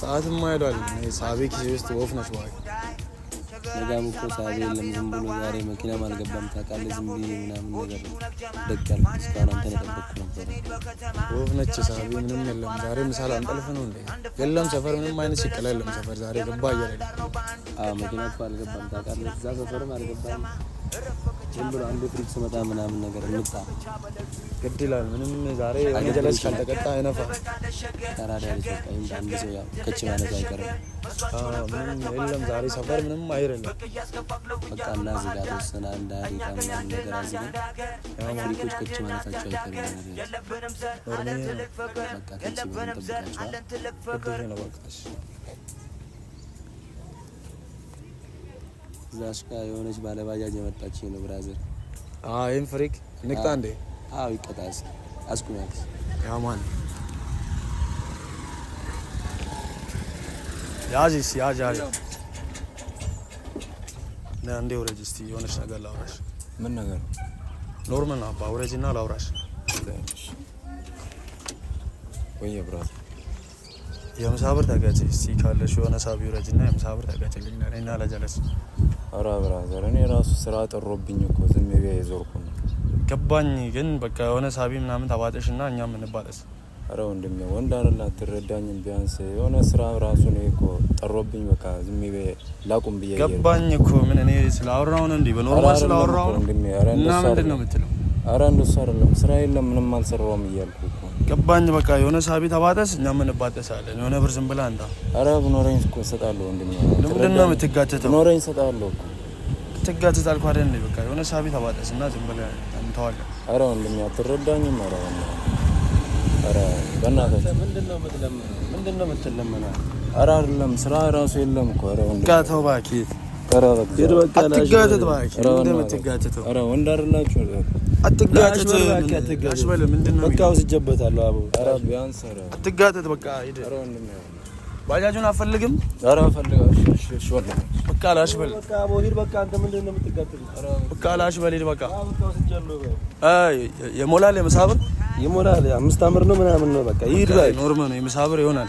ሰዓት አይሏል። ሳቤ ኪሴ ውስጥ ወፍ ነች። ነጋም እኮ ሳቤ የለም። ዝም ብሎ ዛሬ መኪናም አልገባም ታውቃለህ። ዝም ብዬ ምናምን ነገር ደቅ እስካሁን አንተን የጠበቅኩ ነበር። ወፍ ነች ሳቤ፣ ምንም የለም። ዛሬ ምሳሌ አንጠልፍ ነው እንዴ? የለም ሰፈር ምንም አይነት ሲቀላ የለም ሰፈር ዛሬ ገባ እያለ መኪና እኮ አልገባም ታውቃለህ። እዛ ሰፈርም አልገባም ዝም ብሎ አንድ ፍሪክ ስመጣ ምናምን ነገር እንጣ ግድ ይላል። ምንም ዛሬ አንጀለስ ካልተቀጣ አይነፋ ተራዳ ልጅ አንድ ሰው ያው ከች ማለት አይቀርም። ምንም የለም ዛሬ ሰፈር ምንም አይደለም። በቃ እና እዚህ ጋር ተወሰነ አንድ አሪቃ ምናምን ነገር አዝገን ያው ፍሪኮች ከች ማለታቸው አይቀርም። በቃ ከች ብለን እንጠብቃቸዋል። ግድ ነው በቃ እሺ እዛሽ ጋር የሆነች ባለባጃጅ የመጣች ነው ብራዘር። አዎ ይህን ፍሪክ ንቅጣ እንዴ? አዎ ይቀጣስ አስቁማት ያማን ያጂ ያጂ ያጂ እንዴ ውረጅ እስቲ የሆነች ነገር ላውራሽ። ምን ነገር? ኖርማል ነው አባ ውረጅና ላውራሽ ወይ ብራዘር የምሳ ብር ተጋጭ እስቲ ካለሽ የሆነ ሳቢ ረጅና የምሳ ብር ተጋጭልኝ እና ለጀለስ አራ ብራዘር፣ እኔ ራሱ ስራ ጠሮብኝ እኮ ዝም ብዬ የዞርኩ ነው። ገባኝ፣ ግን በቃ የሆነ ሳቢ ምናምን ተባጠሽ እና እኛ የምንባለስ። አረ ወንድሜ ወንድ አይደል አትረዳኝም? ቢያንስ የሆነ ስራ ራሱ እኔ እኮ ጠሮብኝ፣ በቃ ዝም ብዬ ላቁም ብዬ ገባኝ እኮ ምን እኔ ስላወራው ነው እንዴ? በኖርማል ስላወራው ነው ወንድሜ። አረ እና ምንድን ነው የምትለው? አረ እንደሱ አይደለም፣ ስራ የለም ምንም አልሰራውም እያልኩ ገባኝ። በቃ የሆነ ሳቢ ተባጠስ፣ እኛ ምን ባጠሳለን? የሆነ ብር ዝም ብላ እንዳ ኧረ ኖረኝ እኮ እሰጣለሁ። ወንድሜ ለምንድን ነው የምትጋተተው? ብኖረኝ እሰጣለሁ እኮ ትጋተታልኩ አይደል? በቃ የሆነ ሳቢ ተባጠስ እና ዝም ብላ እንተዋለን። ኧረ ወንድሜ አትረዳኝም። ኧረ ኧረ በእናትህ ምንድን ነው የምትለምነው? ምንድን አይደለም ስራ ራሱ የለም እኮ ኧረ ወንድሜ ጋተው እባክህ። ኧረ በቃ አትጋተት እባክህ። እንደምትጋተተው ኧረ ወንድ አይደላችሁ ባጃጁን አፈልግም። ኧረ በቃ በቃ ላሽበል። ሂድ በቃ የሞላል የምሳብር የሞላል አምስት አምር ነው ምናምን ነው በቃ ይሄድ። ኖርማል ነው የምሳብር ይሆናል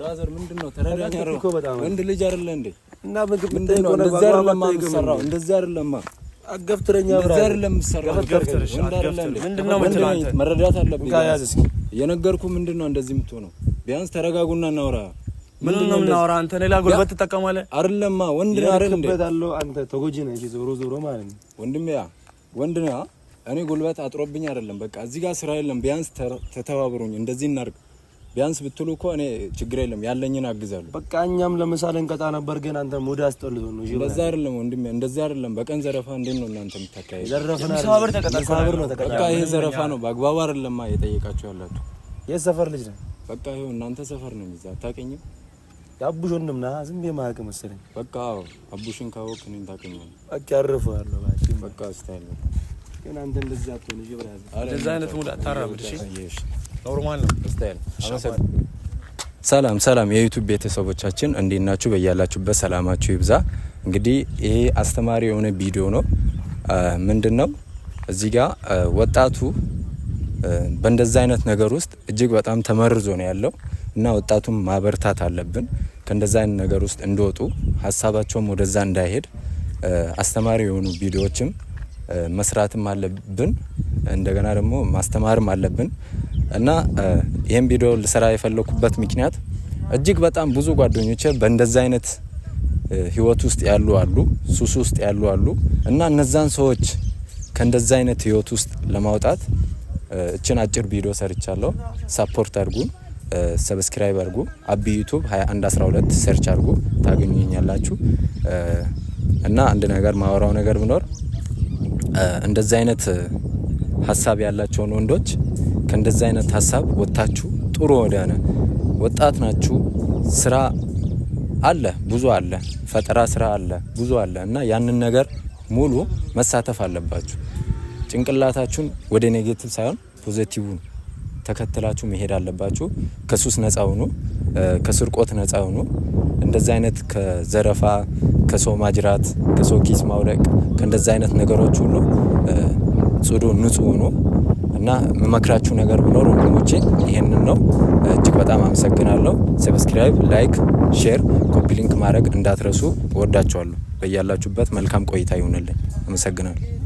ብራዘር ምንድን ነው ወንድ ልጅ አይደለ እንዴ? እና ምግብ ምንድን ነው? እንደዚህ አይደለም የምትሰራው። እንደዚህ አይደለም አይደለም የምትሰራው። ምንድን ነው መረዳት አለብኝ። እየነገርኩህ ምንድን ነው እንደዚህ የምትሆነው። ቢያንስ ተረጋጉና እናውራ። ነው የምናወራ? አንተ ሌላ ጉልበት ትጠቀማለህ አይደለማ። ወንድ ነህ አይደል እንዴ? አንተ ተጎጂ ነህ ዞሮ ዞሮ ማለት ነው ወንድሜ፣ ያ ወንድ ነህ። እኔ ጉልበት አጥሮብኝ አይደለም። በቃ እዚህ ጋር ስራ የለም። ቢያንስ ተተባብሩኝ፣ እንደዚህ እናድርግ ቢያንስ ብትሉ እኮ እኔ ችግር የለም ያለኝን አግዛለሁ። በቃ እኛም ለምሳሌ እንቀጣ ነበር፣ ግን አንተ ሙድ አስጠልቶ ነው። እንደዛ አይደለም ወንድሜ፣ እንደዛ አይደለም። በቀን ዘረፋ እንዴት ነው እናንተ የምታካሄዱ? በቃ ይሄ ዘረፋ ነው፣ በአግባቡ አይደለማ የጠየቃችሁ ያላችሁ። የት ሰፈር ልጅ ነህ? በቃ ይሄው እናንተ ሰፈር ነው የሚዛ አታውቅኝም? የአቡሽ ወንድም ነህ? ዝም ብዬ ማያውቅ መሰለኝ። በቃ አቡሽን ካወቅ እኔን ታውቀኛለህ። በቃ ያረፈ ያለው በቃ ስታይል ግን አንተ ሰላም ሰላም የዩቲዩብ ቤተሰቦቻችን እንዴት ናችሁ? በያላችሁበት ሰላማችሁ ይብዛ። እንግዲህ ይሄ አስተማሪ የሆነ ቪዲዮ ነው። ምንድን ነው እዚህ ጋር ወጣቱ በእንደዛ አይነት ነገር ውስጥ እጅግ በጣም ተመርዞ ነው ያለው እና ወጣቱን ማበርታት አለብን ከእንደዛ አይነት ነገር ውስጥ እንደወጡ ሀሳባቸውም ወደዛ እንዳይሄድ አስተማሪ የሆኑ ቪዲዮዎችም መስራትም አለብን፣ እንደገና ደግሞ ማስተማርም አለብን እና ይህን ቪዲዮ ልሰራ የፈለኩበት ምክንያት እጅግ በጣም ብዙ ጓደኞች በእንደዛ አይነት ህይወት ውስጥ ያሉ አሉ፣ ሱስ ውስጥ ያሉ አሉ እና እነዛን ሰዎች ከእንደዛ አይነት ህይወት ውስጥ ለማውጣት እችን አጭር ቪዲዮ ሰርቻለሁ። ሳፖርት አድርጉ፣ ሰብስክራይብ አድርጉ። አቢ ዩቱብ 2112 ሰርች አድርጉ ታገኙኛላችሁ። እና አንድ ነገር ማወራው ነገር ብኖር እንደዚህ አይነት ሀሳብ ያላቸውን ወንዶች ከእንደዚህ አይነት ሀሳብ ወጥታችሁ ጥሩ ወደሆነ ወጣት ናችሁ። ስራ አለ፣ ብዙ አለ፣ ፈጠራ ስራ አለ፣ ብዙ አለ እና ያንን ነገር ሙሉ መሳተፍ አለባችሁ። ጭንቅላታችሁን ወደ ኔጌቲቭ ሳይሆን ፖዘቲቭ ተከትላችሁ መሄድ አለባችሁ። ከሱስ ነጻ ሁኑ፣ ከስርቆት ነጻ ሁኑ። እንደዚህ አይነት ከዘረፋ፣ ከሰው ማጅራት፣ ከሰው ኪስ ማውረቅ ከእንደዚህ አይነት ነገሮች ሁሉ ጽዱ፣ ንጹህ ሁኑ እና የምመክራችሁ ነገር ብኖር ወንድሞቼ ይህንን ነው። እጅግ በጣም አመሰግናለሁ። ሰብስክራይብ፣ ላይክ፣ ሼር፣ ኮፒ ሊንክ ማድረግ እንዳትረሱ። እወዳችኋለሁ። በያላችሁበት መልካም ቆይታ ይሁንልን። አመሰግናለሁ።